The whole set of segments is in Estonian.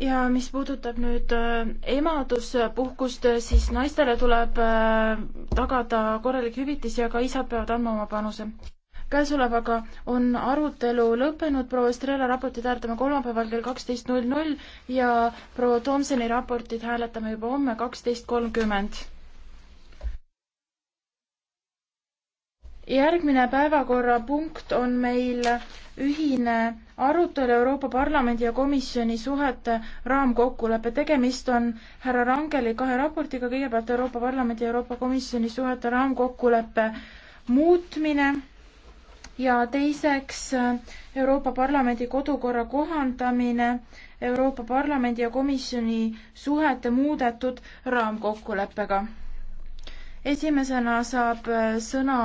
ja mis puudutab nüüd äh, emaduspuhkust, äh, siis naistele tuleb äh, tagada korralik hüvitis ja ka isad peavad andma oma panuse. käesolevaga on arutelu lõppenud, proua Estrela raportit hääletame kolmapäeval kell kaksteist null null ja proua Tomsoni raportit hääletame juba homme kaksteist kolmkümmend. järgmine päevakorrapunkt on meil ühine arutelu Euroopa Parlamendi ja Komisjoni suhete raamkokkulepe. tegemist on härra Rangeli kahe raportiga, kõigepealt Euroopa Parlamendi ja Euroopa Komisjoni suhete raamkokkuleppe muutmine ja teiseks äh, Euroopa Parlamendi kodukorra kohandamine Euroopa Parlamendi ja Komisjoni suhete muudetud raamkokkuleppega. esimesena saab äh, sõna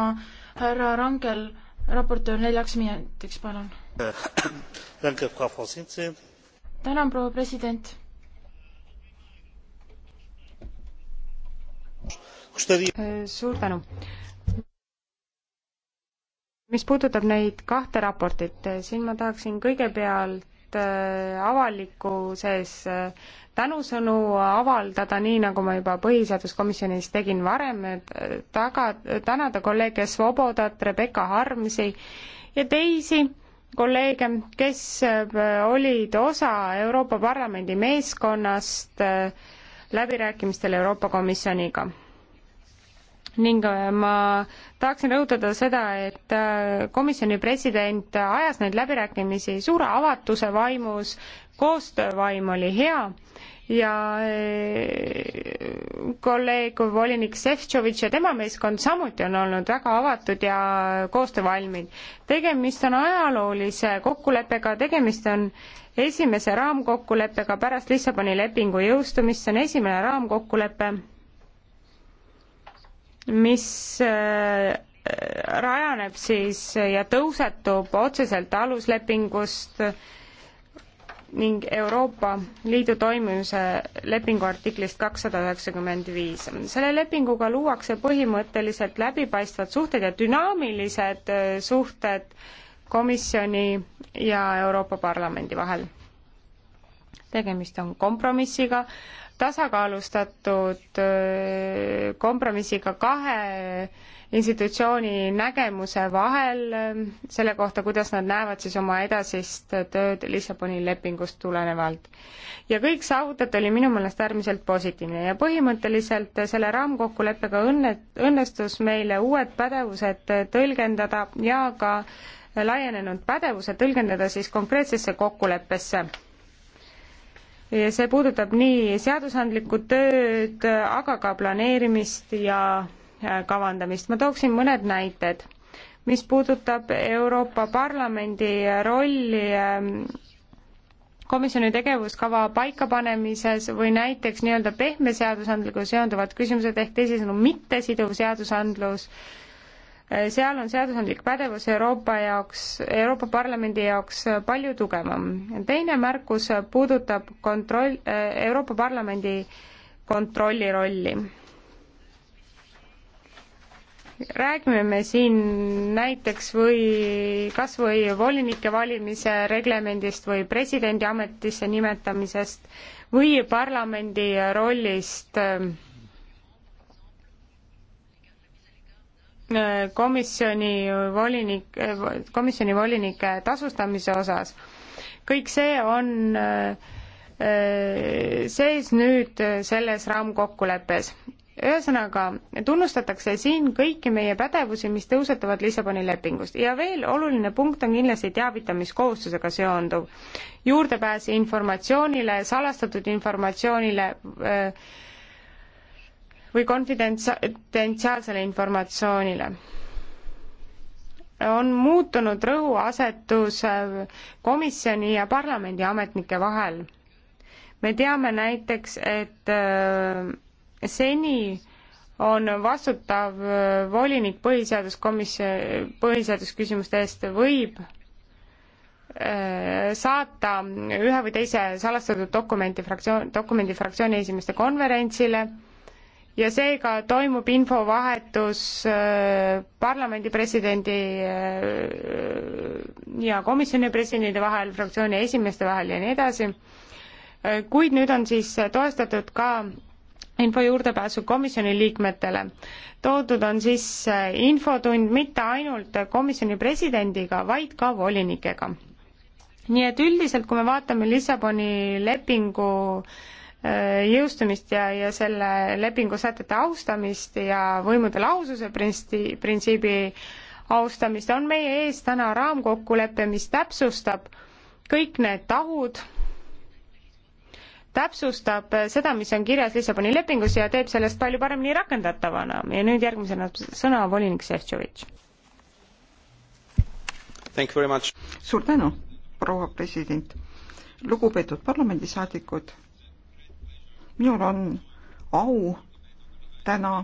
härra Rangel, raportöör neljaks minutiks, palun. tänan, proua president. suur tänu mis puudutab neid kahte raportit, siin ma tahaksin kõigepealt Äh, avaliku sees äh, tänusõnu avaldada, nii nagu ma juba põhiseaduskomisjonis tegin varem, äh, taga, tänada kolleege Svobodat, Rebecca Harmsi ja teisi kolleege, kes olid osa Euroopa Parlamendi meeskonnast läbirääkimistel Euroopa Komisjoniga ning äh, ma tahaksin rõhutada seda, et äh, komisjoni president ajas neid läbirääkimisi suure avatuse vaimus, koostöövaim oli hea ja äh, kolleeg volinik Šefčovitš ja tema meeskond samuti on olnud väga avatud ja koostöövalmid. tegemist on ajaloolise kokkuleppega, tegemist on esimese raamkokkuleppega pärast Lissaboni lepingu jõustumist, see on esimene raamkokkulepe mis äh, rajaneb siis ja tõusetub otseselt aluslepingust ning Euroopa Liidu toimimise lepingu artiklist kakssada üheksakümmend viis. selle lepinguga luuakse põhimõtteliselt läbipaistvad suhted ja dünaamilised äh, suhted komisjoni ja Euroopa Parlamendi vahel. tegemist on kompromissiga, tasakaalustatud kompromissiga kahe institutsiooni nägemuse vahel selle kohta, kuidas nad näevad siis oma edasist tööd Lissaboni lepingust tulenevalt. ja kõik saavutatu oli minu meelest äärmiselt positiivne ja põhimõtteliselt selle raamkokkuleppega õnne, õnnestus meile uued pädevused tõlgendada ja ka laienenud pädevuse tõlgendada siis konkreetsesse kokkuleppesse see puudutab nii seadusandlikku tööd, aga ka planeerimist ja äh, kavandamist. ma tooksin mõned näited. mis puudutab Euroopa Parlamendi rolli ähm, komisjoni tegevuskava paikapanemises või näiteks nii-öelda pehme seadusandlusega seonduvad küsimused ehk teisisõnu mittesiduv seadusandlus äh, seal on seadusandlik pädevus Euroopa jaoks, Euroopa Parlamendi jaoks palju tugevam. teine märkus puudutab kontroll, Euroopa Parlamendi kontrolli rolli räägime me siin näiteks või kas või volinike valimise reglemendist või presidendi ametisse nimetamisest või parlamendi rollist äh, komisjoni volinik, komisjoni volinike tasustamise osas. kõik see on äh, sees nüüd selles raamkokkuleppes. ühesõnaga, tunnustatakse siin kõiki meie pädevusi, mis tõusetuvad Lissaboni lepingust ja veel oluline punkt on kindlasti teavitamiskohustusega seonduv. juurdepääs informatsioonile, salastatud informatsioonile äh, või konfidentsiaalsele informatsioonile. on muutunud rõhuasetus äh, komisjoni ja parlamendi ametnike vahel. me teame näiteks, et äh, seni on vastutav äh, volinik põhiseaduskomisjon, põhiseadusküsimuste eest võib saata ühe või teise salastatud dokumenti fraktsioon, dokumendi fraktsiooni esimeeste konverentsile ja seega toimub infovahetus äh, parlamendi presidendi äh, ja komisjoni presidendi vahel, fraktsiooni esimeeste vahel ja nii edasi. Äh, kuid nüüd on siis toestatud ka info juurdepääsu komisjoni liikmetele. toodud on siis infotund mitte ainult komisjoni presidendiga, vaid ka volinikega. nii et üldiselt, kui me vaatame Lissaboni lepingu äh, jõustumist ja, ja selle lepingu sätete austamist ja võimude lahususe prinsti-, printsiibi austamist, on meie ees täna raamkokkulepe, mis täpsustab kõik need tahud, täpsustab seda, mis on kirjas Lissaboni lepingus ja teeb sellest palju paremini rakendatavana. ja nüüd järgmisena sõna volinik Šeftšovitš. suur tänu, proua president. lugupeetud parlamendisaadikud minul on au täna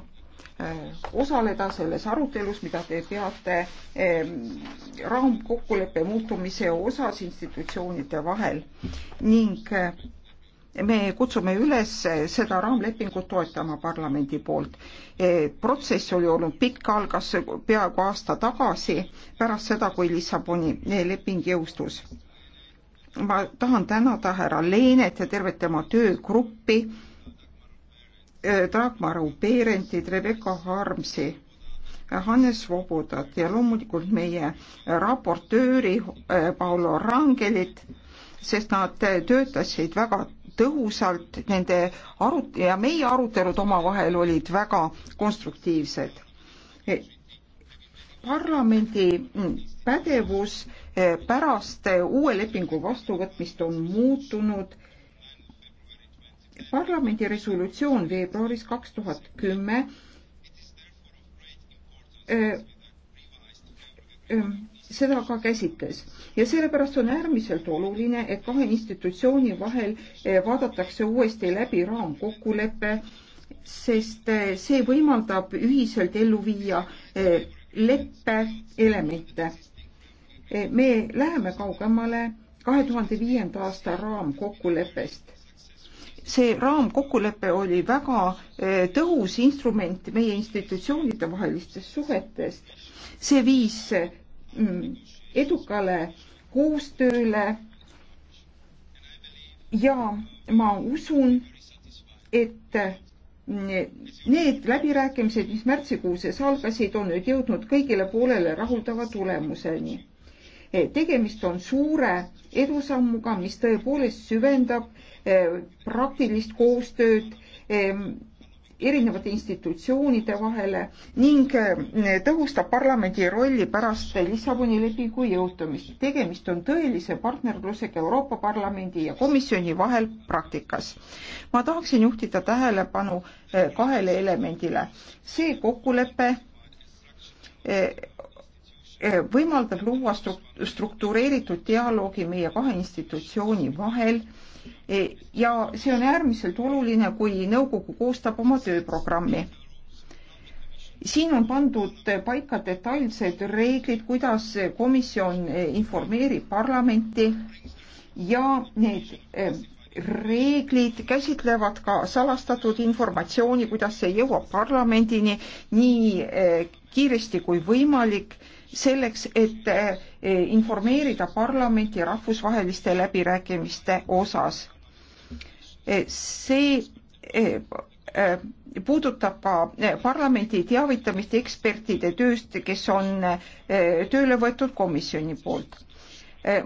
äh, osaleda selles arutelus, mida te peate ähm, raamkokkuleppe muutumise osas institutsioonide vahel ning äh, me kutsume üles äh, seda raamlepingut toetama parlamendi poolt. protsess oli olnud pikk, algas peaaegu aasta tagasi pärast seda, kui Lissaboni leping jõustus ma tahan tänada härra Leenet ja tervet tema töögruppi, äh, Dagmar Uberendit, Rebecca Harmsi, Hannes Vobodat ja loomulikult meie raportööri äh, Paolo Rangelit, sest nad äh, töötasid väga tõhusalt, nende arut- ja meie arutelud omavahel olid väga konstruktiivsed. parlamendi mm, pädevus pärast uue lepingu vastuvõtmist on muutunud. parlamendi resolutsioon veebruaris kaks tuhat kümme äh, äh, seda ka käsitles ja sellepärast on äärmiselt oluline, et kahe institutsiooni vahel äh, vaadatakse uuesti läbi raamkokkulepe, sest see võimaldab ühiselt ellu viia leppe elemente Eh, me läheme kaugemale kahe tuhande viienda aasta raamkokkuleppest see raamkokkulepe oli väga eh, tõhus instrument meie institutsioonide vahelistest suhetest. see viis mm, edukale koostööle. ja ma usun, et mm, need läbirääkimised, mis märtsikuuses algasid, on nüüd jõudnud kõigile poolele rahuldava tulemuseni Eh, tegemist on suure edusammuga, mis tõepoolest süvendab eh, praktilist koostööd eh, erinevate institutsioonide vahele ning tõhustab parlamendi rolli pärast Lissaboni lepingu jõutumist. tegemist on tõelise partnerlusega Euroopa Parlamendi ja komisjoni vahel praktikas. ma tahaksin juhtida tähelepanu kahele elemendile. see kokkulepe Eh, võimaldab luua struktureeritud dialoogi meie kahe institutsiooni vahel eh, ja see on äärmiselt oluline, kui nõukogu koostab oma tööprogrammi. siin on pandud paika detailsed reeglid, kuidas komisjon eh, informeerib parlamenti ja need reeglid käsitlevad ka salastatud informatsiooni, kuidas see jõuab parlamendini nii kiiresti kui võimalik selleks, et eh, informeerida parlamenti rahvusvaheliste läbirääkimiste osas. Eh, see eh, puudutab ka parlamendi teavitamist ekspertide tööst, kes on tööle võetud komisjoni poolt.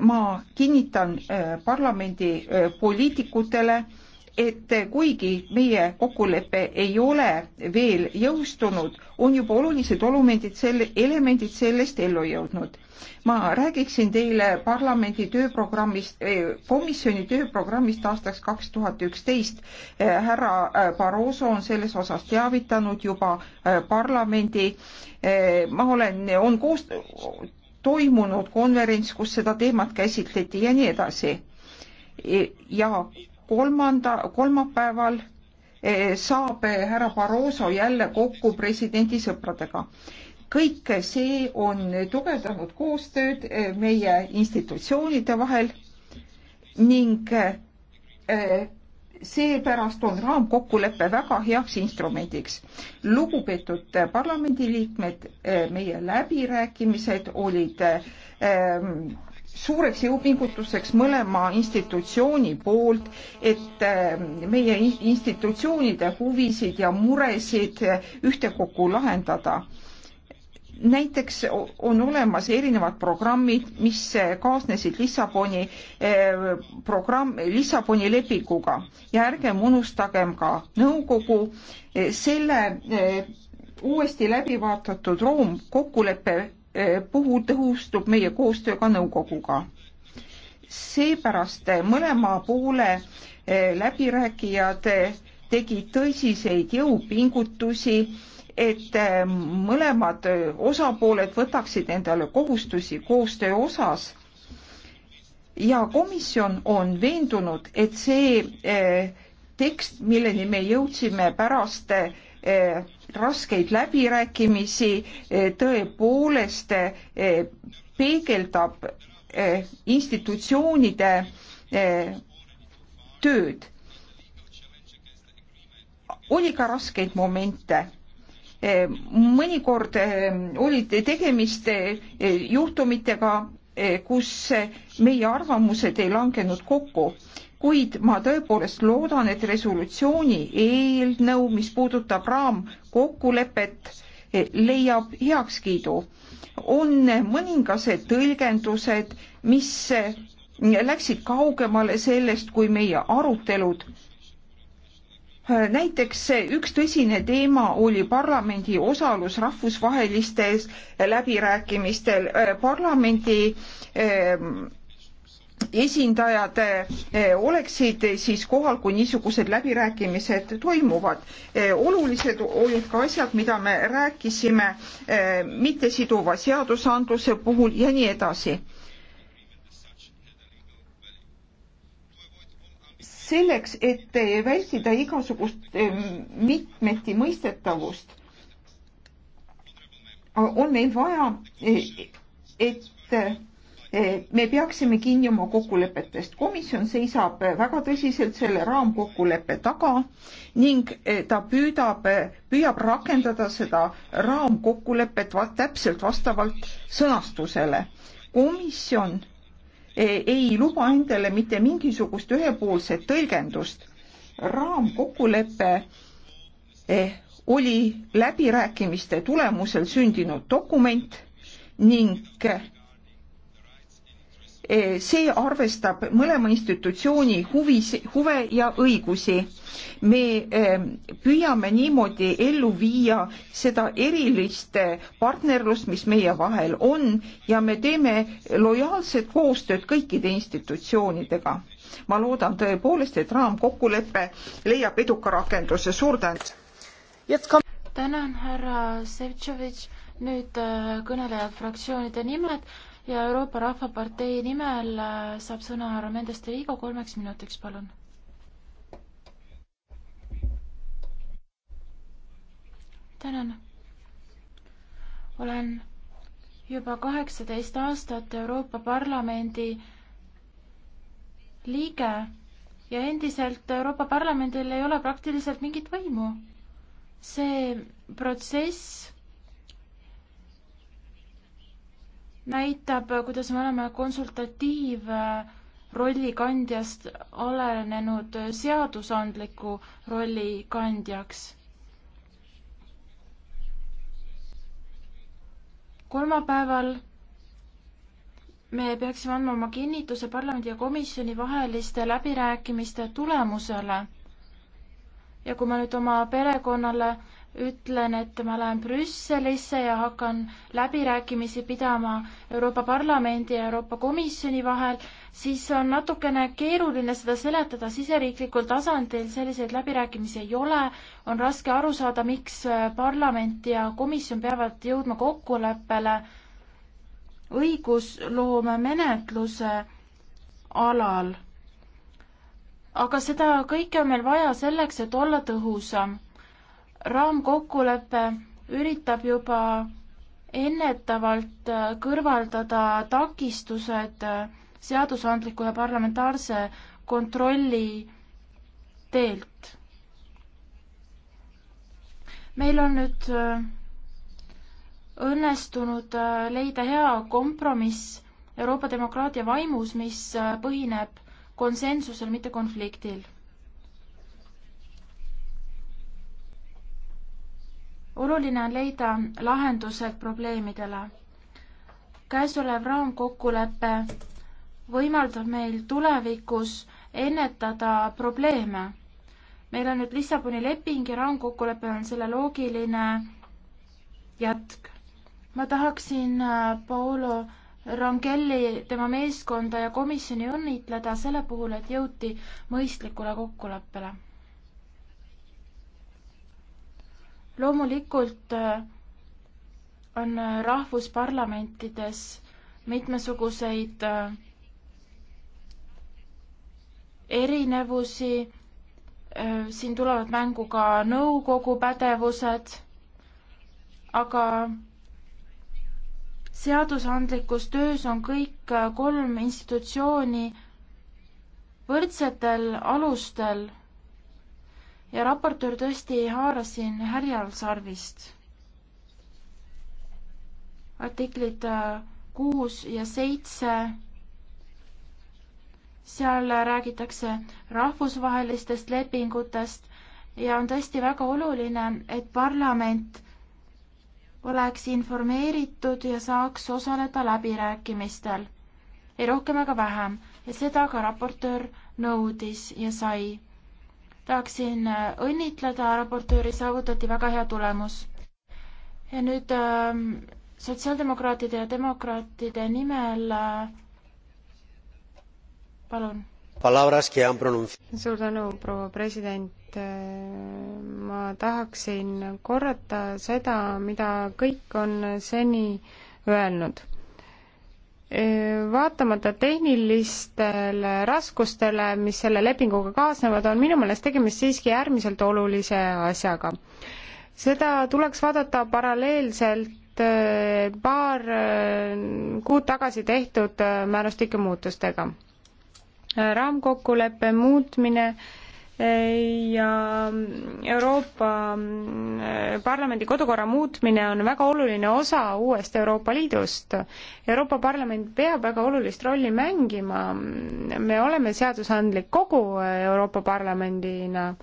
ma kinnitan parlamendi poliitikutele, et kuigi meie kokkulepe ei ole veel jõustunud, on juba olulised olumendid selle, elemendid sellest ellu jõudnud. ma räägiksin teile parlamendi tööprogrammist, eh, komisjoni tööprogrammist aastaks kaks tuhat üksteist. Eh, härra eh, Barroso on selles osas teavitanud juba parlamendi, ma olen, on koos, toimunud konverents, kus seda teemat käsitleti ja nii edasi ja kolmanda, kolmapäeval eh, saab eh, härra Barroso jälle kokku presidendi sõpradega. kõik see on tugevdanud koostööd eh, meie institutsioonide vahel ning seepärast on raamkokkulepe väga heaks instrumendiks. lugupeetud parlamendiliikmed, meie läbirääkimised olid ähm, suureks jõupingutuseks mõlema institutsiooni poolt, et äh, meie institutsioonide huvisid ja muresid ühtekokku lahendada. näiteks on olemas erinevad programmid, mis äh, kaasnesid Lissaboni äh, programm, Lissaboni lepinguga ja ärgem unustagem ka nõukogu selle uuesti läbi vaadatud Room kokkuleppe puhul tõhustub meie koostöö ka nõukoguga. seepärast mõlema poole eh, läbirääkijad eh, tegid tõsiseid jõupingutusi, et eh, mõlemad osapooled võtaksid endale kohustusi koostöö osas ja komisjon on veendunud, et see tekst, milleni me jõudsime pärast Eh, raskeid läbirääkimisi eh, tõepoolest eh, peegeldab institutsioonide tööd. oli ka raskeid momente mõnikord olid tegemist juhtumitega, kus meie arvamused ei langenud kokku kuid ma tõepoolest loodan, et resolutsiooni eelnõu, mis puudutab raamkokkulepet, leiab heakskiidu. on mõningased tõlgendused, mis läksid kaugemale sellest, kui meie arutelud näiteks üks tõsine teema oli parlamendi osalus rahvusvahelistes läbirääkimistel. parlamendi ehm, esindajad eh, oleksid siis kohal, kui niisugused läbirääkimised toimuvad. Eh, olulised olid ka asjad, mida me rääkisime eh, mittesiduva seadusandluse puhul ja nii edasi. selleks, et vältida igasugust mitmeti mõistetavust, on meil vaja, et me peaksime kinni oma kokkulepetest. komisjon seisab väga tõsiselt selle raamkokkuleppe taga ning e, ta püüdab, e, püüab rakendada seda raamkokkulepet täpselt vastavalt sõnastusele. komisjon e, ei luba endale mitte mingisugust ühepoolset tõlgendust. raamkokkulepe oli läbirääkimiste tulemusel sündinud dokument ning Eh, see arvestab mõlema institutsiooni huvis, huve ja õigusi. me eh, püüame niimoodi ellu viia seda erilist eh, partnerlust, mis meie vahel on ja me teeme lojaalset koostööd kõikide institutsioonidega. ma loodan tõepoolest, et raamkokkulepe leiab eduka rakenduse. suur tänu! tänan, härra Sevtšovitš, nüüd kõnelejad fraktsioonide nimed ja Euroopa Rahvapartei nimel äh, saab sõna härra Mendes de Vigo kolmeks minutiks, palun. tänan. olen juba kaheksateist aastat Euroopa Parlamendi liige ja endiselt Euroopa Parlamendil ei ole praktiliselt mingit võimu. see protsess näitab, kuidas me oleme konsultatiiv äh, rolli kandjast olenenud seadusandliku rolli kandjaks. kolmapäeval me peaksime andma oma kinnituse parlamendi ja komisjoni vaheliste läbirääkimiste tulemusele. ja kui ma nüüd oma perekonnale ütlen, et ma lähen Brüsselisse ja hakkan läbirääkimisi pidama Euroopa Parlamendi ja Euroopa Komisjoni vahel, siis on natukene keeruline seda seletada, siseriiklikul tasandil selliseid läbirääkimisi ei ole, on raske aru saada, miks äh, parlament ja komisjon peavad jõudma kokkuleppele õigusloome menetluse alal. aga seda kõike on meil vaja selleks, et olla tõhusam raamkokkulepe üritab juba ennetavalt äh, kõrvaldada takistused äh, seadusandliku ja parlamentaarse kontrolli teelt. meil on nüüd äh, õnnestunud leida hea kompromiss Euroopa demokraatia vaimus, mis põhineb konsensusel, mitte konfliktil oluline on leida lahendused probleemidele. käesolev raamkokkulepe võimaldab meil tulevikus ennetada probleeme. meil on nüüd Lissaboni leping ja raamkokkulepe on selle loogiline jätk. ma tahaksin äh, Paolo Rangelli, tema meeskonda ja komisjoni õnnitleda selle puhul, et jõuti mõistlikule kokkuleppele loomulikult äh, on äh, rahvusparlamentides mitmesuguseid äh, erinevusi, siin tulevad mängu ka nõukogu pädevused, aga seadusandlikus töös on kõik kolm institutsiooni võrdsetel alustel ja raportöör tõesti haaras siin härjal sarvist. artiklid äh, kuus ja seitse, seal räägitakse rahvusvahelistest lepingutest ja on tõesti väga oluline, et parlament oleks informeeritud ja saaks osaleda läbirääkimistel. ei rohkem ega vähem ja seda ka raportöör nõudis ja sai tahaksin äh, õnnitleda raportööri, saavutati väga hea tulemus. ja nüüd äh, sotsiaaldemokraatide ja demokraatide nimel äh, palun. suur tänu, proua president. Äh, ma tahaksin korrata seda, mida kõik on seni öelnud vaatamata tehnilistele raskustele, mis selle lepinguga kaasnevad, on minu meelest tegemist siiski äärmiselt olulise asjaga. seda tuleks vaadata paralleelselt eh, paar eh, kuud tagasi tehtud eh, määrustike muutustega. raamkokkuleppe muutmine äh, ja Euroopa mm, Parlamendi kodukorra muutmine on väga oluline osa uuest Euroopa Liidust. Euroopa Parlament peab väga olulist rolli mängima, me oleme seadusandlik kogu Euroopa Parlamendina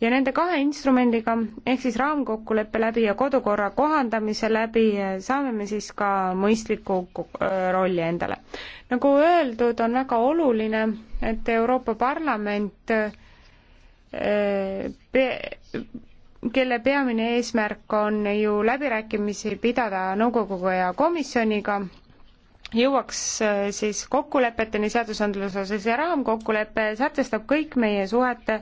ja nende kahe instrumendiga, ehk siis raamkokkuleppe läbi ja kodukorra kohandamise läbi saame me siis ka mõistliku äh, rolli endale. nagu öeldud, on väga oluline, et Euroopa Parlament kelle peamine eesmärk on ju läbirääkimisi pidada nõukoguga ja komisjoniga, jõuaks äh, siis kokkulepeteni seadusandluse osas ja raamkokkulepe sätestab kõik meie suhete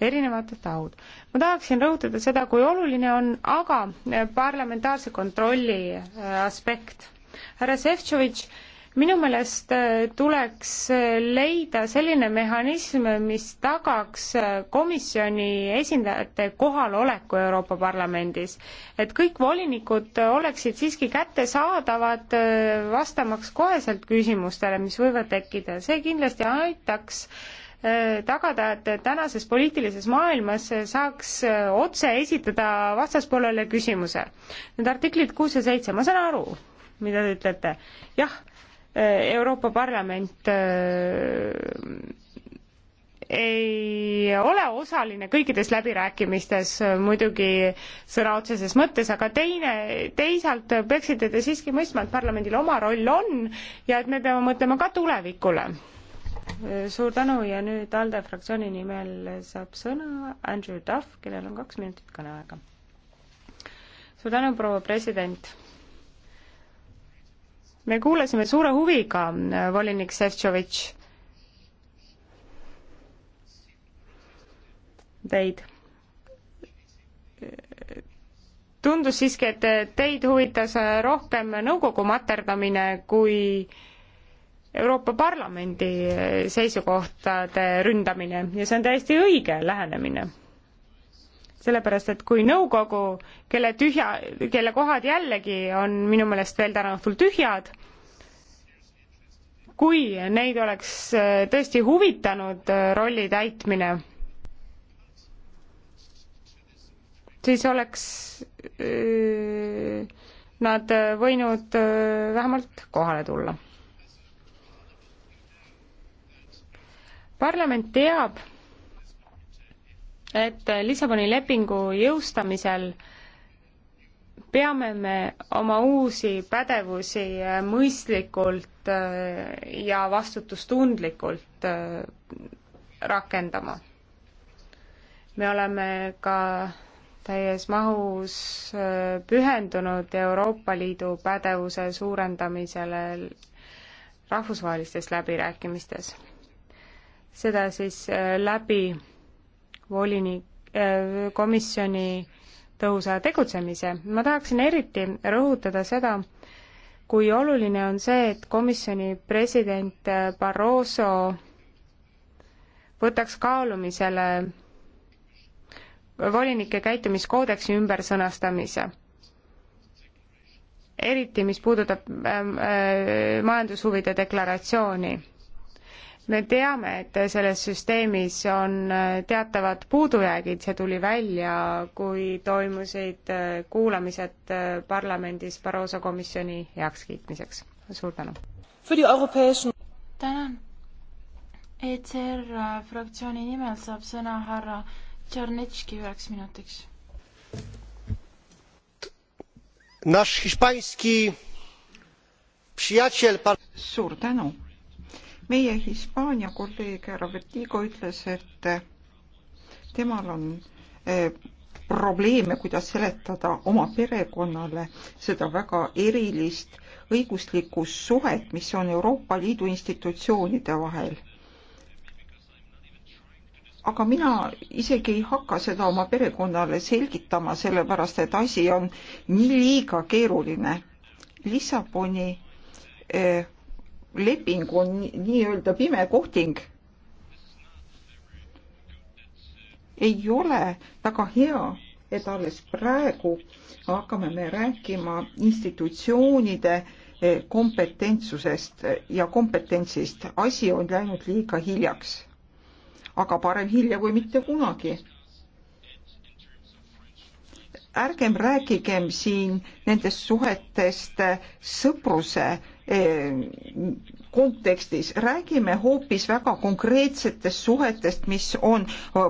erinevad tahud. ma tahaksin rõhutada seda, kui oluline on aga äh, parlamentaarse kontrolli äh, aspekt. härra Šefčovitš minu meelest äh, tuleks äh, leida selline mehhanism, mis tagaks äh, komisjoni esindajate kohaloleku Euroopa Parlamendis. et kõik volinikud oleksid siiski kättesaadavad, vastamaks koheselt küsimustele, mis võivad tekkida, see kindlasti aitaks tagada, et tänases poliitilises maailmas saaks otse esitada vastaspoolele küsimuse. Need artiklid kuus ja seitse, ma saan aru, mida te ütlete. jah Euroopa Parlament äh, ei ole osaline kõikides läbirääkimistes äh, muidugi sõna otseses mõttes, aga teine, teisalt peaksite te siiski mõistma, et parlamendil oma roll on ja et me peame mõtlema ka tulevikule. suur tänu ja nüüd ALDE fraktsiooni nimel saab sõna Andrew Duff, kellel on kaks minutit kõneaega. suur tänu, proua president me kuulasime suure huviga äh, volinik Šefčovitš teid. tundus siiski, et teid huvitas äh, rohkem nõukogu materdamine kui Euroopa Parlamendi äh, seisukohtade ründamine ja see on täiesti õige lähenemine sellepärast et kui nõukogu, kelle tühja, kelle kohad jällegi on minu meelest veel täna õhtul tühjad, kui neid oleks äh, tõesti huvitanud äh, rolli täitmine, siis oleks äh, nad võinud vähemalt kohale tulla. parlament teab et Lissaboni lepingu jõustamisel peame me oma uusi pädevusi äh, mõistlikult äh, ja vastutustundlikult äh, rakendama. me oleme ka täies mahus pühendunud Euroopa Liidu pädevuse suurendamisele rahvusvahelistes läbirääkimistes. seda siis läbi volinik, äh, komisjoni tõhusa tegutsemise. ma tahaksin eriti rõhutada seda, kui oluline on see, et komisjoni president äh, Barroso võtaks kaalumisele volinike käitumiskoodeksi ümbersõnastamise. eriti, mis puudutab äh, äh, majandushuvide deklaratsiooni me teame, et selles süsteemis on äh, teatavad puudujäägid, see tuli välja, kui toimusid äh, kuulamised äh, parlamendis Barroso komisjoni heakskiitmiseks. suur tänu! tänan! ECR fraktsiooni nimel saab sõna härra Tšernetški üheks minutiks. suur tänu! meie Hispaania kolleeg härra Vertigo ütles, et temal on eh, probleeme, kuidas seletada oma perekonnale seda väga erilist õiguslikku suhet, mis on Euroopa Liidu institutsioonide vahel. aga mina isegi ei hakka seda oma perekonnale selgitama, sellepärast et asi on nii liiga keeruline. Lissaboni eh, leping on nii-öelda pime kohting. ei ole väga hea, et alles praegu hakkame me rääkima institutsioonide eh, kompetentsusest ja kompetentsist. asi on läinud liiga hiljaks. aga parem hilja kui mitte kunagi ärgem rääkigem siin nendest suhetest eh, sõpruse Eh, kontekstis, räägime hoopis väga konkreetsetest suhetest, mis on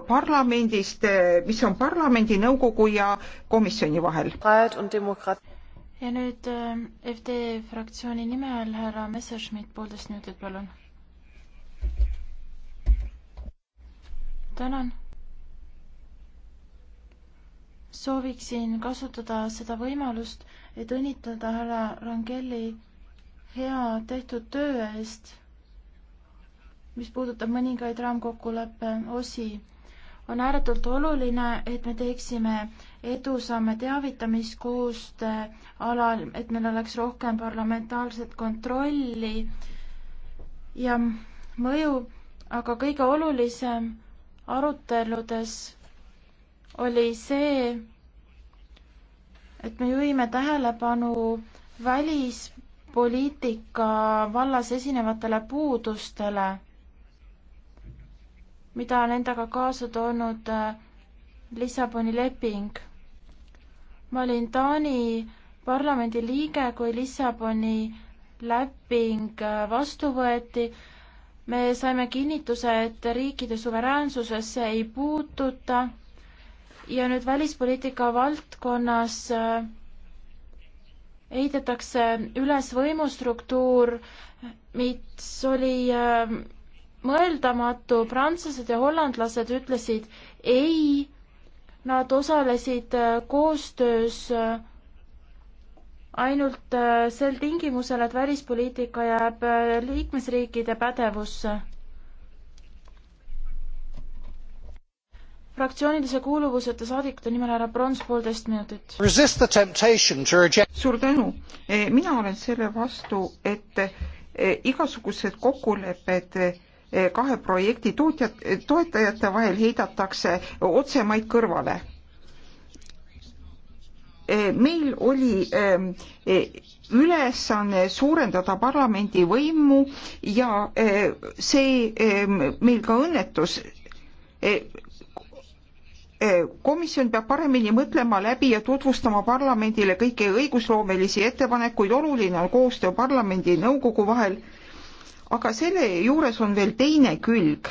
parlamendist, eh, mis on parlamendi, nõukogu ja komisjoni vahel. ja nüüd eh, FD fraktsiooni nimel härra Messerschmidt, poolteist minutit, palun. tänan. sooviksin kasutada seda võimalust, et õnnitleda härra Rangeli hea tehtud töö eest, mis puudutab mõningaid raamkokkuleppe osi. on ääretult oluline, et me teeksime edusamme teavitamiskoostöö alal, et meil oleks rohkem parlamentaarset kontrolli ja mõju, aga kõige olulisem aruteludes oli see, et me juhime tähelepanu välis- poliitika vallas esinevatele puudustele, mida on endaga kaasa toonud äh, Lissaboni leping. ma olin Taani parlamendi liige, kui Lissaboni leping äh, vastu võeti. me saime kinnituse, et riikide suveräänsusesse ei puututa ja nüüd välispoliitika valdkonnas äh, ehitatakse üles võimustruktuur, mis oli äh, mõeldamatu, prantslased ja hollandlased ütlesid ei, nad osalesid äh, koostöös äh, ainult sel tingimusel, et välispoliitika jääb liikmesriikide pädevusse fraktsioonidesse kuuluvuseta saadikute nimel härra Brons, poolteist minutit. suur tänu. E, mina olen selle vastu, et e, igasugused kokkulepped e, kahe projekti tootjat, toetajate vahel heidetakse otsemaid kõrvale. meil oli ülesanne suurendada parlamendi võimu ja see meil ka õnnetus Eh, komisjon peab paremini mõtlema läbi ja tutvustama parlamendile kõiki õigusloomelisi ettepanekuid, oluline on koostöö parlamendi ja nõukogu vahel. aga selle juures on veel teine külg.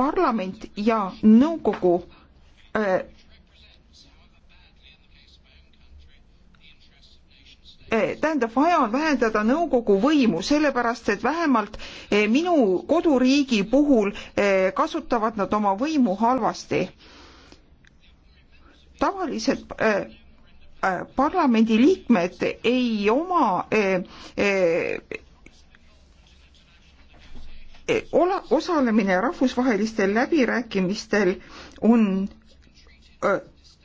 parlament ja nõukogu äh, tähendab, vaja on vähendada nõukogu võimu, sellepärast et vähemalt minu koduriigi puhul kasutavad nad oma võimu halvasti tavaliselt äh, äh, parlamendi liikmed ei oma äh, e, ola, osalemine rahvusvahelistel läbirääkimistel on öö,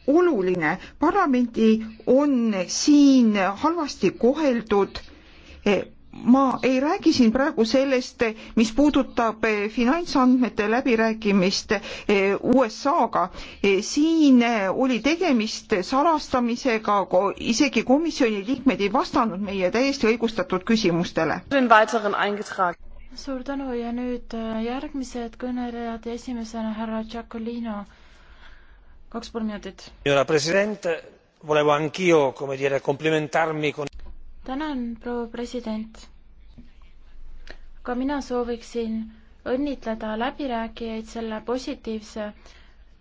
oluline. parlamendi on siin halvasti koheldud ma ei räägi siin praegu sellest, mis puudutab eh, finantsandmete läbirääkimist eh, USA-ga. Eh, siin oli tegemist salastamisega, isegi komisjoni liikmed ei vastanud meie täiesti õigustatud küsimustele. suur tänu ja nüüd järgmised kõnelejad, esimesena härra Giacolino, kaks pool minutit. Signora Presidente, volevo anch'io, come dire, complimentarmi con tänan, proua president. ka mina sooviksin õnnitleda läbirääkijaid selle positiivse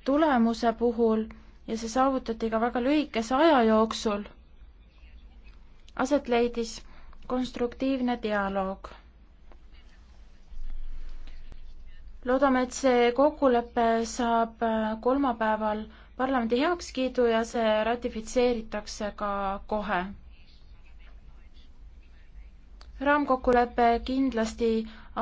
tulemuse puhul ja see saavutati ka väga lühikese aja jooksul. aset leidis konstruktiivne dialoog. loodame, et see kokkulepe saab kolmapäeval parlamendi heakskiidu ja see ratifitseeritakse ka kohe raamkokkulepe kindlasti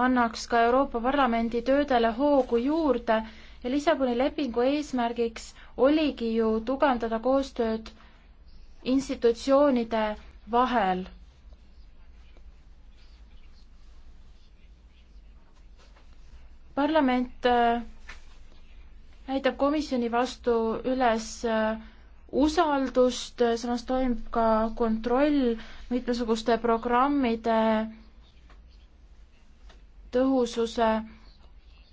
annaks ka Euroopa Parlamendi töödele hoogu juurde ja Lissaboni lepingu eesmärgiks oligi ju tugevdada koostööd institutsioonide vahel parlament äh, näitab komisjoni vastu üles äh, usaldust, samas toimub ka kontroll mitmesuguste programmide tõhususe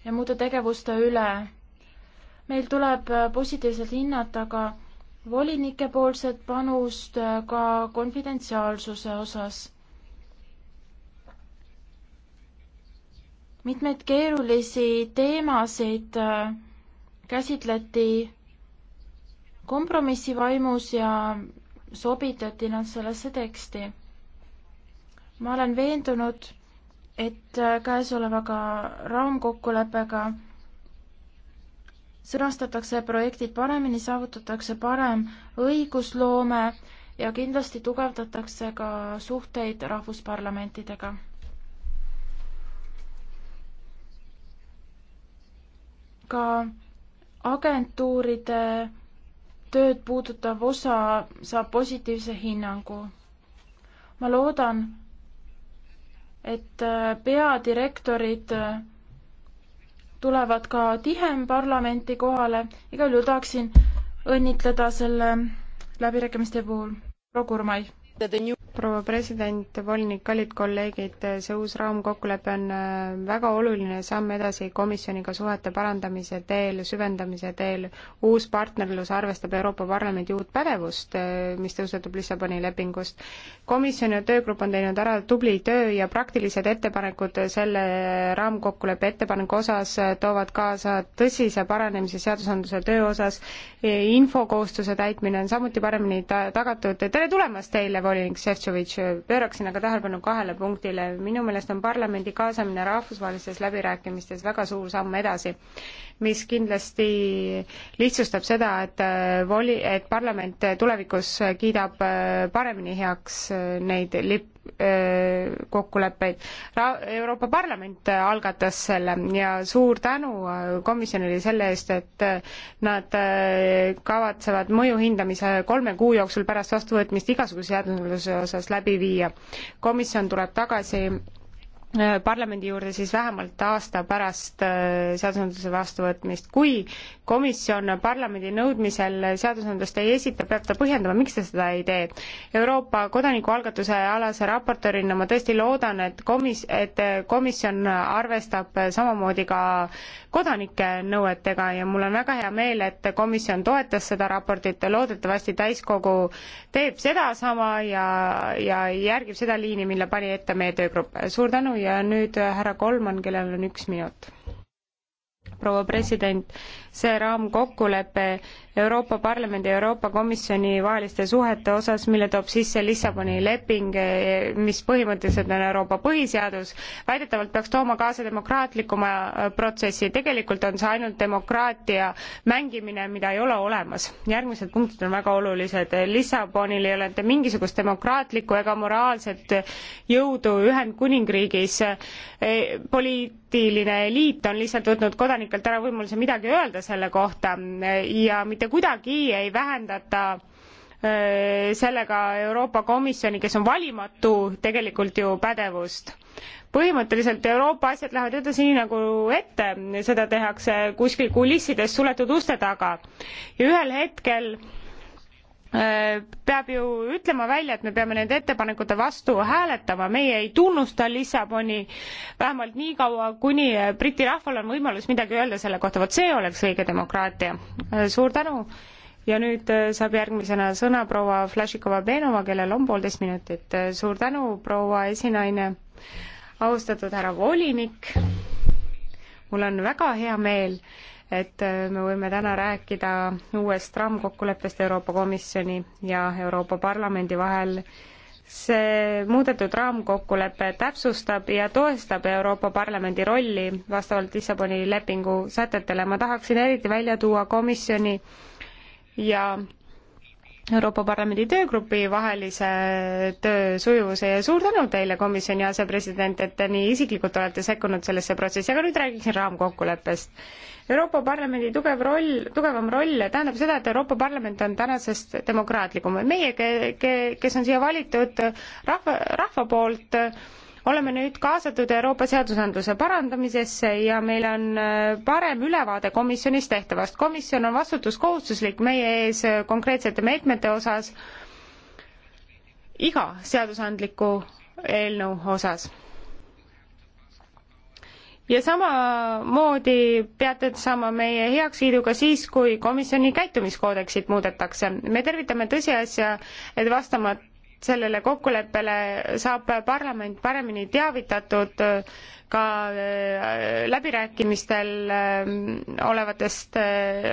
ja muude tegevuste üle. meil tuleb positiivselt hinnata ka volinike poolset panust ka konfidentsiaalsuse osas. mitmeid keerulisi teemasid käsitleti kompromissi vaimus ja sobitati nad sellesse teksti. ma olen veendunud, et käesolevaga raamkokkuleppega sõnastatakse projektid paremini, saavutatakse parem õigusloome ja kindlasti tugevdatakse ka suhteid rahvusparlamentidega. ka agentuuride tööd puudutav osa saab positiivse hinnangu. ma loodan, et äh, peadirektorid äh, tulevad ka tihem parlamenti kohale, igal juhul tahaksin õnnitleda selle läbirääkimiste puhul. prokurör Mai proua president, volinik, kallid kolleegid, see uus raamkokkulepe on äh, väga oluline samm edasi komisjoniga suhete parandamise teel, süvendamise teel. uus partnerlus arvestab Euroopa Parlamendi uut pädevust, äh, mis tõusetub Lissaboni lepingust. komisjon ja töögrupp on teinud ära tubli töö ja praktilised ettepanekud selle raamkokkuleppe ettepaneku osas äh, toovad kaasa tõsise paranemise seadusandluse töö osas. infokohustuse täitmine on samuti paremini ta-, tagatud. tere tulemast teile, volinik Šefčovič! Šefčovitš, pööraksin aga tähelepanu kahele punktile. minu meelest on parlamendi kaasamine rahvusvahelistes läbirääkimistes väga suur samm edasi, mis kindlasti lihtsustab seda, et äh, voli, et parlament tulevikus kiidab äh, paremini heaks äh, neid lipp-, Äh, kokkuleppeid. Euroopa Parlament algatas selle ja suur tänu äh, komisjonile selle eest, et äh, nad kavatsevad mõju hindamise kolme kuu jooksul pärast vastuvõtmist igasuguse seaduse osas läbi viia. komisjon tuleb tagasi Äh, parlamendi juurde siis vähemalt aasta pärast äh, seadusandluse vastuvõtmist. kui komisjon parlamendi nõudmisel seadusandlust ei esita, peab ta põhjendama, miks ta seda ei tee. Euroopa kodanikualgatuse alase raportöörina ma tõesti loodan, et komis-, et äh, komisjon arvestab samamoodi ka kodanike nõuetega ja mul on väga hea meel, et komisjon toetas seda raportit, loodetavasti täiskogu teeb sedasama ja, ja järgib seda liini, mille pani ette meie töögrupp. suur tänu ja ja nüüd härra Kolman, kellel on üks minut. proua president, see raamkokkulepe Euroopa Parlamendi ja Euroopa Komisjoni vaheliste suhete osas, mille toob sisse Lissaboni leping, mis põhimõtteliselt on Euroopa põhiseadus, väidetavalt peaks tooma kaasa demokraatlikuma äh, protsessi, tegelikult on see ainult demokraatia mängimine, mida ei ole olemas. järgmised punktid on väga olulised, Lissabonil ei ole mitte mingisugust demokraatlikku ega moraalset jõudu Ühendkuningriigis, äh, poliitiline eliit on lihtsalt võtnud kodanikelt ära võimaluse midagi öelda, selle kohta ja mitte kuidagi ei vähendata äh, sellega Euroopa Komisjoni, kes on valimatu, tegelikult ju pädevust. põhimõtteliselt Euroopa asjad lähevad edasi nii nagu ette, seda tehakse kuskil kulissides suletud uste taga ja ühel hetkel Äh, peab ju ütlema välja, et me peame nende ettepanekute vastu hääletama, meie ei tunnusta Lissaboni vähemalt niikaua, kuni äh, Briti rahval on võimalus midagi öelda selle kohta, vot see oleks õige demokraatia. Äh, suur tänu ja nüüd saab järgmisena sõna proua Flašikova-Benova, kellel on poolteist minutit. suur tänu, proua esinaine, austatud härra volinik, mul on väga hea meel, et äh, me võime täna rääkida uuest raamkokkuleppest Euroopa Komisjoni ja Euroopa Parlamendi vahel. see muudetud raamkokkulepe täpsustab ja toestab Euroopa Parlamendi rolli vastavalt Lissaboni lepingu sätetele. ma tahaksin eriti välja tuua komisjoni ja Euroopa Parlamendi töögrupi vahelise töö sujuvuse ja suur tänu teile, komisjoni asepresident, et te nii isiklikult olete sekkunud sellesse protsessi, aga nüüd räägiksin raamkokkuleppest Euroopa Parlamendi tugev roll, tugevam roll tähendab seda, et Euroopa Parlament on tänasest demokraatlikum. meie, ke-, ke-, kes on siia valitud rahva, rahva poolt, oleme nüüd kaasatud Euroopa seadusandluse parandamisesse ja meil on äh, parem ülevaade komisjonis tehtavast. komisjon on vastutuskohustuslik meie ees äh, konkreetsete meetmete osas iga seadusandliku eelnõu osas ja samamoodi peate saama meie heakskiidu ka siis, kui komisjoni käitumiskoodeksit muudetakse. me tervitame tõsiasja, et vastama sellele kokkuleppele saab parlament paremini teavitatud äh, ka äh, läbirääkimistel äh, olevatest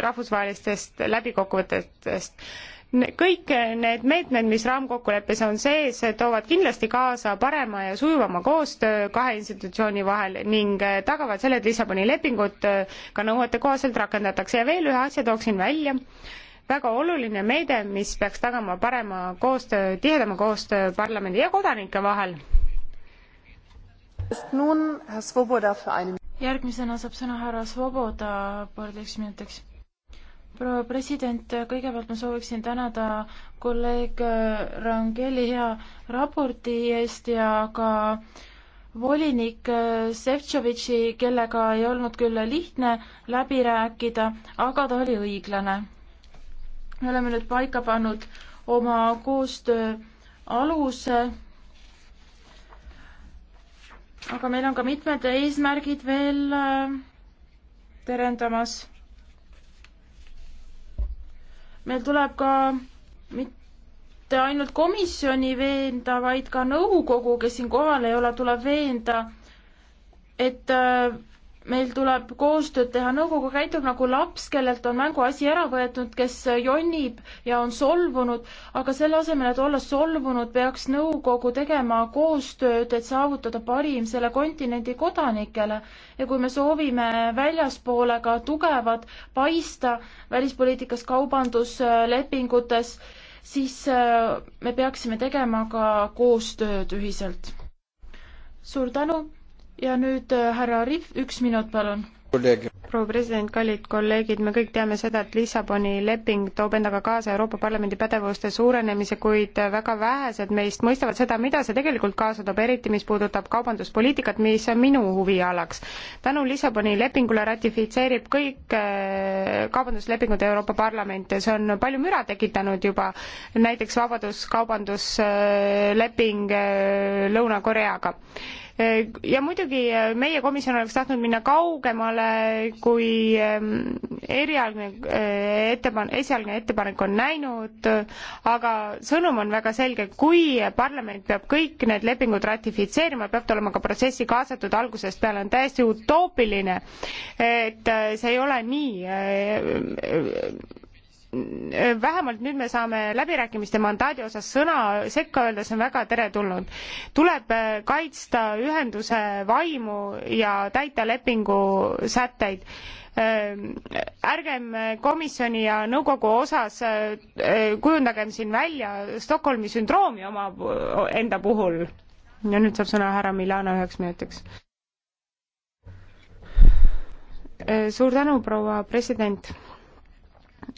rahvusvahelistest läbikokkuvõtetest kõik need meetmed, mis raamkokkuleppes on sees, toovad kindlasti kaasa parema ja sujuvama koostöö kahe institutsiooni vahel ning tagavad selle, et Lissaboni lepingut äh, ka nõuete kohaselt rakendatakse ja veel ühe asja tooksin välja, väga oluline meede, mis peaks tagama parema koostöö, tihedama koostöö parlamendi ja kodanike vahel. järgmisena saab sõna härra Svoboda pooleteist minutiks proua president, kõigepealt ma sooviksin tänada kolleeg Rangeli hea raporti eest ja ka volinik Šefčovitši, kellega ei olnud küll lihtne läbi rääkida, aga ta oli õiglane. me oleme nüüd paika pannud oma koostöö aluse aga meil on ka mitmed eesmärgid veel äh, terendamas meil tuleb ka mitte ainult komisjoni veenda, vaid ka nõukogu, kes siin kohal ei ole, tuleb veenda, et äh, meil tuleb koostööd teha, nõukogu käitub nagu laps, kellelt on mänguasi ära võetud, kes jonnib ja on solvunud, aga selle asemel, et olla solvunud, peaks nõukogu tegema koostööd, et saavutada parim selle kontinendi kodanikele. ja kui me soovime väljaspoole ka tugevad paista välispoliitikas, kaubanduslepingutes, siis äh, me peaksime tegema ka koostööd ühiselt. suur tänu ja nüüd äh, härra Rihv, üks minut, palun. proua president, kallid kolleegid, me kõik teame seda, et Lissaboni leping toob endaga kaasa Euroopa Parlamendi pädevuste suurenemise, kuid äh, väga vähesed meist mõistavad seda, mida see tegelikult kaasa toob, eriti mis puudutab kaubanduspoliitikat, mis on minu huvialaks. tänu Lissaboni lepingule ratifitseerib kõik äh, kaubanduslepingud Euroopa Parlament ja see on palju müra tekitanud juba, näiteks vabaduskaubandusleping Lõuna-Koreaga ja muidugi äh, meie komisjon oleks tahtnud minna kaugemale, kui ähm, erialgne äh, ettepanek, esialgne ettepanek on näinud, aga sõnum on väga selge, kui parlament peab kõik need lepingud ratifitseerima, peab ta olema ka protsessi kaasatud algusest peale, on täiesti utoopiline, et äh, see ei ole nii vähemalt nüüd me saame läbirääkimiste mandaadi osas sõna sekka öelda, see on väga teretulnud. tuleb äh, kaitsta ühenduse vaimu ja täita lepingu sätteid ähm, ärgem komisjoni ja nõukogu osas äh, äh, kujundagem siin välja Stockholmi sündroomi oma, enda puhul. ja nüüd saab sõna härra Milano üheks minutiks. suur tänu, proua president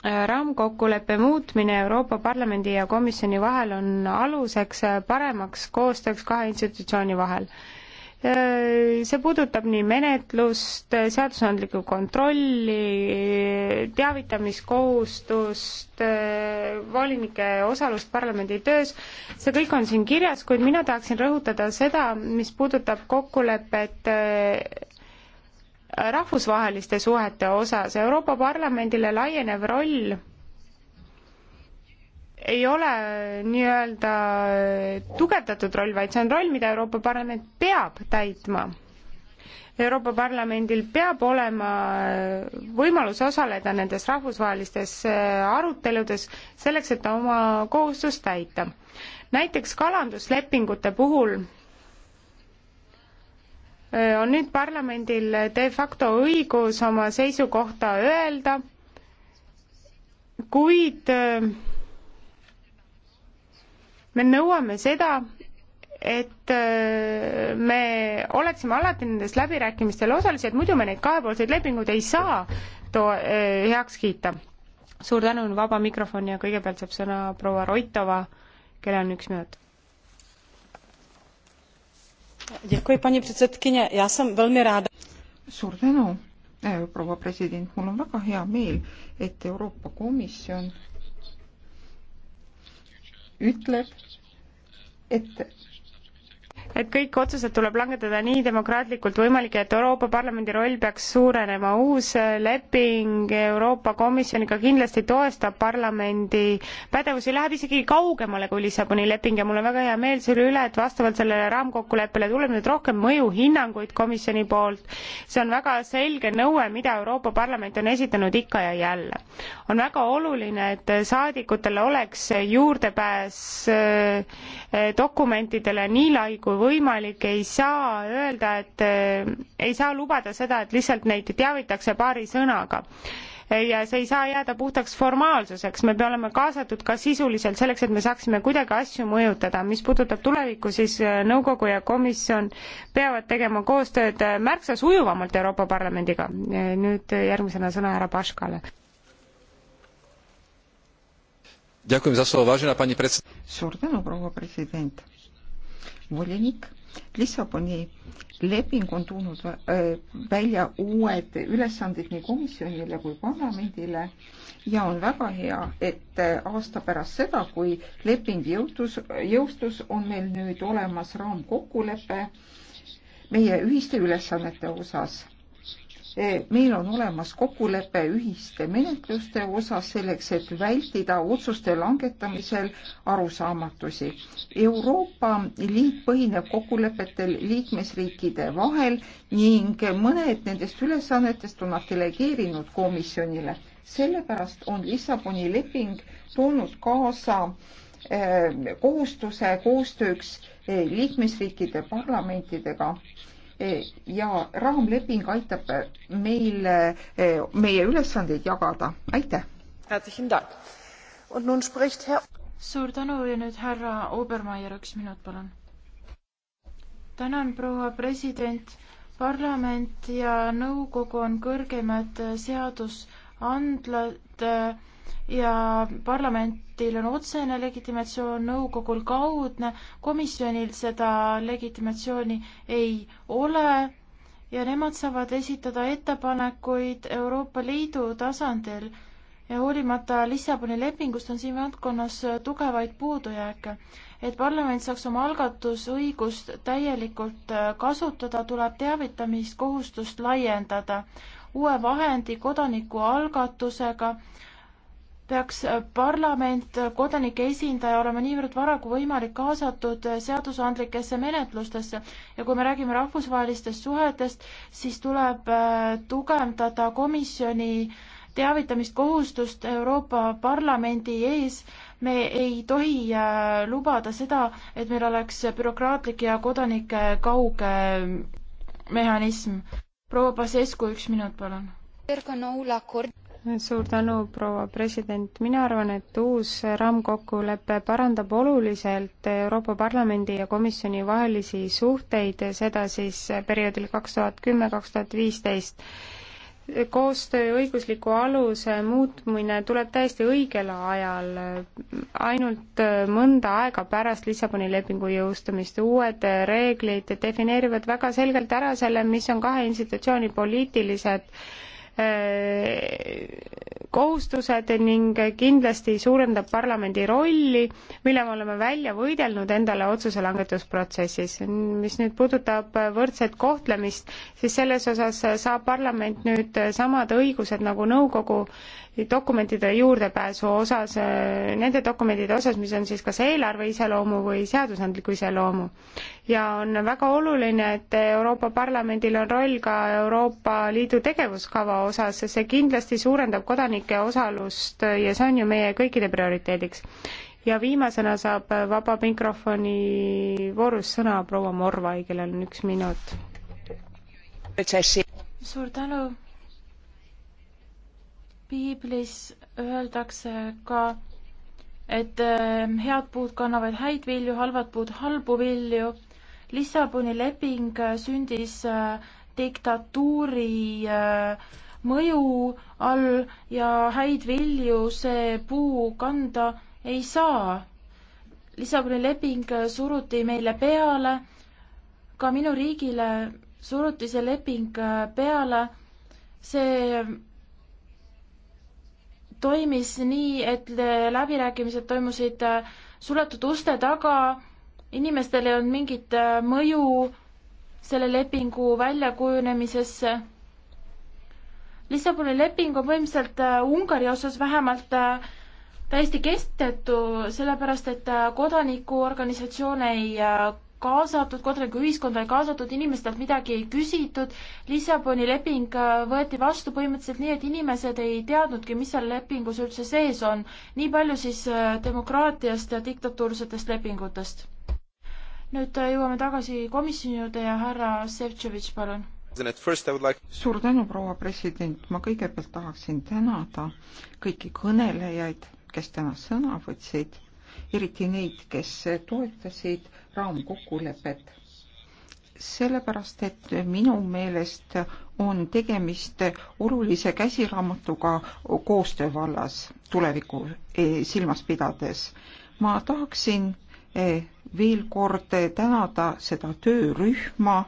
Äh, raamkokkuleppe muutmine Euroopa Parlamendi ja Komisjoni vahel on aluseks äh, paremaks koostööks kahe institutsiooni vahel. Äh, see puudutab nii menetlust, seadusandlikku kontrolli, teavitamiskohustust, volinike osalust parlamendi töös, see kõik on siin kirjas, kuid mina tahaksin rõhutada seda, mis puudutab kokkulepet rahvusvaheliste suhete osas. Euroopa Parlamendile laienev roll ei ole nii-öelda tugevdatud roll, vaid see on roll, mida Euroopa Parlament peab täitma. Euroopa Parlamendil peab olema võimalus osaleda nendes rahvusvahelistes äh, aruteludes selleks, et oma kohustust täita. näiteks kalanduslepingute puhul Äh, on nüüd parlamendil de facto õigus oma seisukohta öelda, kuid äh, me nõuame seda, et äh, me oleksime alati nendes läbirääkimistel osalised, muidu me neid kahepoolseid lepinguid ei saa too, heaks kiita. suur tänu, vaba mikrofon ja kõigepealt saab sõna proua Roitova, kellel on üks minut suur tänu, eh, proua president, mul on väga hea meel, et Euroopa Komisjon ütleb, et et kõik otsused tuleb langetada nii demokraatlikult võimalik, et Euroopa Parlamendi roll peaks suurenema. uus äh, leping Euroopa Komisjoniga kindlasti toestab parlamendi pädevusi, läheb isegi kaugemale kui Lissaboni leping ja mul on väga hea meel selle üle, et vastavalt sellele raamkokkuleppele tuleb nüüd rohkem mõjuhinnanguid komisjoni poolt. see on väga selge nõue, mida Euroopa Parlament on esitanud ikka ja jälle. on väga oluline, et saadikutel oleks juurdepääs äh, dokumentidele nii lai kui võimalik, ei saa öelda, et eh, ei saa lubada seda, et lihtsalt neid teavitakse paari sõnaga eh, ja see ei saa jääda puhtaks formaalsuseks, me peame olema kaasatud ka sisuliselt selleks, et me saaksime kuidagi asju mõjutada. mis puudutab tulevikku, siis eh, nõukogu ja komisjon peavad tegema koostööd märksa sujuvamalt Euroopa Parlamendiga. nüüd järgmisena sõna härra Paškale. suur tänu, proua president volinik. Lissaboni leping on tulnud äh, välja uued ülesanded nii komisjonile kui parlamendile ja on väga hea, et äh, aasta pärast seda, kui leping jõutus, jõustus, on meil nüüd olemas raamkokkulepe meie ühiste ülesannete osas E, meil on olemas kokkulepe ühiste menetluste osas selleks, et vältida otsuste langetamisel arusaamatusi. Euroopa Liit põhineb kokkulepetel liikmesriikide vahel ning mõned nendest ülesannetest on nad delegeerinud komisjonile. sellepärast on Lissaboni leping toonud kaasa e, kohustuse koostööks e, liikmesriikide parlamentidega ja raamleping aitab meil eh, meie ülesandeid jagada. aitäh! suur tänu ja nüüd härra Obermeier, üks minut, palun. tänan, proua president. parlament ja nõukogu on kõrgemad seadusandlad äh, ja parlamentil on otsene legitimatsioon, nõukogul kaudne, komisjonil seda legitimatsiooni ei ole ja nemad saavad esitada ettepanekuid Euroopa Liidu tasandil ja hoolimata Lissaboni lepingust on siin valdkonnas tugevaid puudujääke. et parlament saaks oma algatusõigust täielikult kasutada, tuleb teavitamiskohustust laiendada uue vahendi kodanikualgatusega peaks parlament, kodanike esindaja olema niivõrd vara kui võimalik kaasatud seadusandlikesse menetlustesse ja kui me räägime rahvusvahelistest suhetest, siis tuleb äh, tugevdada komisjoni teavitamist kohustust Euroopa Parlamendi ees. me ei tohi äh, lubada seda, et meil oleks bürokraatlik ja kodanike kauge äh, mehhanism. proua Pasescu, üks minut, palun suur tänu, proua president, mina arvan, et uus raamkokkulepe parandab oluliselt Euroopa Parlamendi ja komisjoni vahelisi suhteid, seda siis perioodil kaks tuhat kümme, kaks tuhat viisteist. koostöö õigusliku aluse muutmine tuleb täiesti õigel ajal, ainult mõnda aega pärast Lissaboni lepingu jõustumist. uued reeglid defineerivad väga selgelt ära selle, mis on kahe institutsiooni poliitilised Äh, kohustused ning kindlasti suurendab parlamendi rolli, mille me oleme välja võidelnud endale otsuse langetusprotsessis. mis nüüd puudutab võrdset kohtlemist, siis selles osas saab parlament nüüd samad õigused nagu nõukogu dokumentide juurdepääsu osas, äh, nende dokumentide osas, mis on siis kas eelarve iseloomu või seadusandliku iseloomu ja on väga oluline, et Euroopa Parlamendil on roll ka Euroopa Liidu tegevuskava osas, see kindlasti suurendab kodanike osalust ja see on ju meie kõikide prioriteediks. ja viimasena saab vaba mikrofoni voorus sõna proua Morvai, kellel on üks minut. suur tänu. piiblis öeldakse ka et ehm, head puud kannavad häid vilju, halvad puud halbu vilju Lissaboni leping sündis äh, diktatuuri äh, mõju all ja häid vilju see puu kanda ei saa. Lissaboni leping suruti meile peale, ka minu riigile suruti see leping äh, peale, see toimis nii, et läbirääkimised toimusid suletud uste taga inimestel ei olnud mingit äh, mõju selle lepingu väljakujunemisesse. Lissaboni leping on võimsalt äh, Ungari osas vähemalt äh, täiesti kestetu, sellepärast et kodanikuorganisatsioone ei kaasatud, kodanikuühiskonda ei kaasatud, inimestelt midagi ei küsitud. Lissaboni leping võeti vastu põhimõtteliselt nii, et inimesed ei teadnudki, mis seal lepingus üldse sees on. nii palju siis demokraatiast ja diktatuursetest lepingutest nüüd äh, jõuame tagasi komisjoni juurde ja härra Sevtšovitš, palun. suur tänu, proua president, ma kõigepealt tahaksin tänada kõiki kõnelejaid, kes täna sõna võtsid, eriti neid, kes toetasid raamkokkulepet sellepärast, et minu meelest on tegemist olulise käsiraamatuga koostöö vallas tulevikku eh, silmas pidades. ma tahaksin E, veel kord eh, tänada seda töörühma,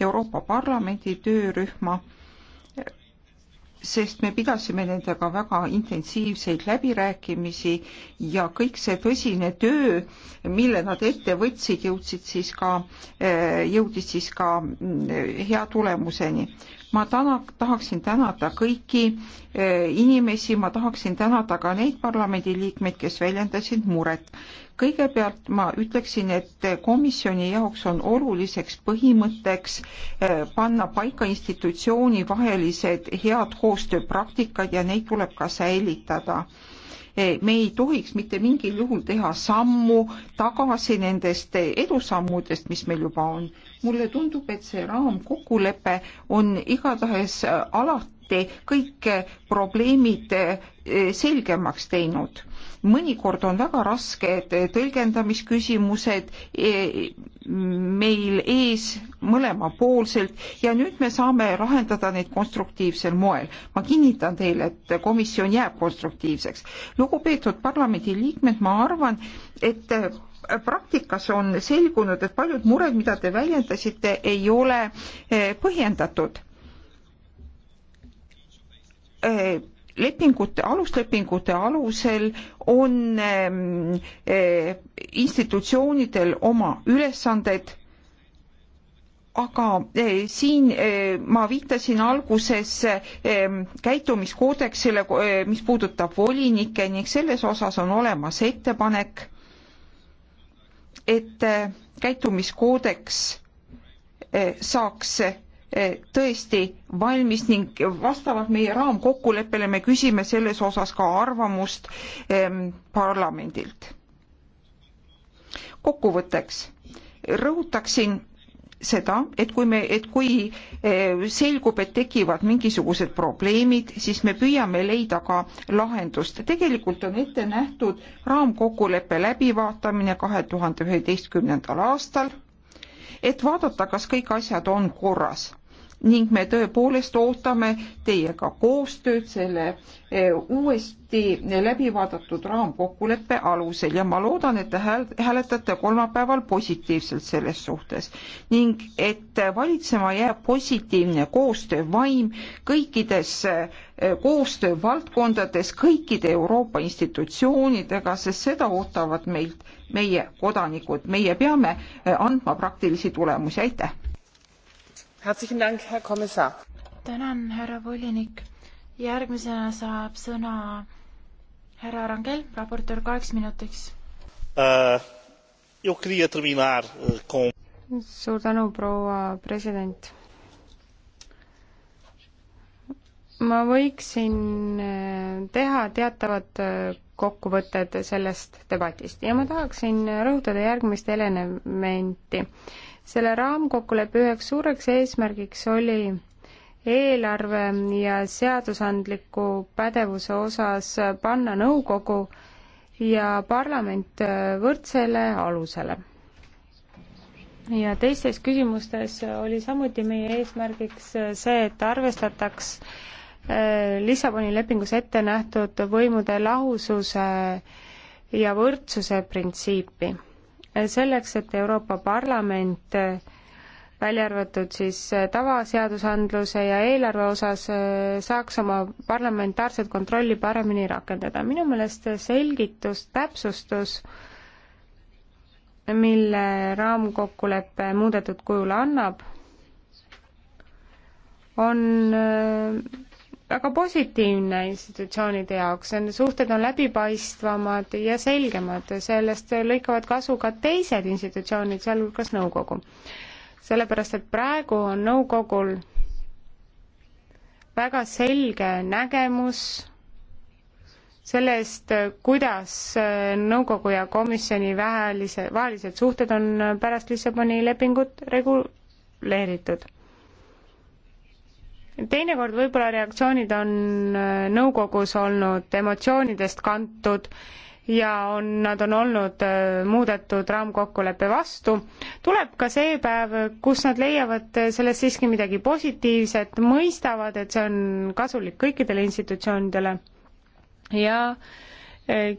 Euroopa Parlamendi töörühma, sest me pidasime nendega väga intensiivseid läbirääkimisi ja kõik see tõsine töö, mille nad ette võtsid, jõudsid siis ka, eh, jõudis siis ka mm, hea tulemuseni ma täna, tahaksin tänada kõiki eh, inimesi, ma tahaksin tänada ka neid parlamendiliikmeid, kes väljendasid muret. kõigepealt ma ütleksin, et komisjoni jaoks on oluliseks põhimõtteks eh, panna paika institutsiooni vahelised head koostööpraktikad ja neid tuleb ka säilitada me ei tohiks mitte mingil juhul teha sammu tagasi nendest edusammudest, mis meil juba on. mulle tundub, et see raamkokkulepe on igatahes alati olete kõik probleemid eh, selgemaks teinud. mõnikord on väga rasked tõlgendamisküsimused eh, meil ees mõlemapoolselt ja nüüd me saame lahendada neid konstruktiivsel moel. ma kinnitan teile, et komisjon jääb konstruktiivseks. lugupeetud parlamendiliikmed, ma arvan, et eh, praktikas on selgunud, et paljud mured, mida te väljendasite, ei ole põhjendatud Äh, lepingute, aluslepingute alusel on ähm, äh, institutsioonidel oma ülesanded, aga äh, siin ma viitasin alguses ähm, käitumiskoodeksile, mis puudutab volinikke ning selles osas on olemas ettepanek, et käitumiskoodeks saaks Eh, tõesti valmis ning vastavalt meie raamkokkuleppele me küsime selles osas ka arvamust ehm, parlamendilt. kokkuvõtteks rõhutaksin seda, et kui me, et kui eh, selgub, et tekivad mingisugused probleemid, siis me püüame leida ka lahendust. tegelikult on ette nähtud raamkokkuleppe läbivaatamine kahe tuhande üheteistkümnendal aastal, et vaadata, kas kõik asjad on korras ning me tõepoolest ootame teiega koostööd selle eh, uuesti läbi vaadatud raamkokkuleppe alusel ja ma loodan, et te hääletate kolmapäeval positiivselt selles suhtes ning et valitsema jääb positiivne koostöövaim kõikides eh, koostöövaldkondades kõikide Euroopa institutsioonidega, sest seda ootavad meilt meie kodanikud, meie peame eh, andma praktilisi tulemusi, aitäh! tänan, härra volinik. järgmisena saab sõna härra Rangel, raportöör kaheks minutiks uh,. Uh, suur tänu, proua president. ma võiksin uh, teha teatavad uh, kokkuvõtted sellest debatist ja ma tahaksin rõhutada järgmist elementi selle raamkokkuleppe üheks suureks eesmärgiks oli eelarve ja seadusandliku pädevuse osas panna nõukogu ja parlament võrdsele alusele. ja teistes küsimustes oli samuti meie eesmärgiks see, et arvestataks äh, Lissaboni lepingus ette nähtud võimude lahususe ja võrdsuse printsiipi selleks, et Euroopa Parlament äh, välja arvatud siis äh, tavaseadusandluse ja eelarve osas äh, saaks oma parlamentaarset kontrolli paremini rakendada. minu meelest selgitus, täpsustus, mille raamkokkulepe muudetud kujul annab, on väga positiivne institutsioonide jaoks, on, suhted on läbipaistvamad ja selgemad, sellest lõikavad kasu ka teised institutsioonid, sealhulgas nõukogu. sellepärast, et praegu on nõukogul väga selge nägemus sellest, kuidas nõukogu ja komisjoni vähelise, vahelised suhted on pärast Lissaboni lepingut reguleeritud teinekord võib-olla reaktsioonid on äh, nõukogus olnud emotsioonidest kantud ja on, nad on olnud äh, muudetud raamkokkuleppe vastu, tuleb ka see päev, kus nad leiavad äh, sellest siiski midagi positiivset, mõistavad, et see on kasulik kõikidele institutsioonidele ja äh,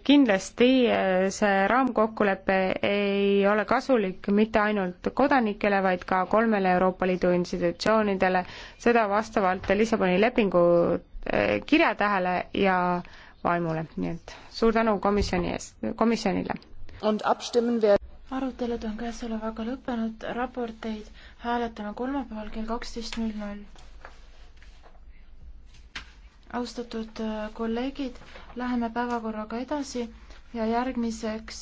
kindlasti eh, see raamkokkulepe ei ole kasulik mitte ainult kodanikele, vaid ka kolmele Euroopa Liidu institutsioonidele, seda vastavalt Lissaboni lepingu eh, kirjatähele ja vaimule, nii et suur tänu komisjoni eest, komisjonile. arutelud on käesolevaga lõppenud, raporteid hääletame kolmapäeval kell kaksteist null null austatud äh, kolleegid, läheme päevakorraga edasi ja järgmiseks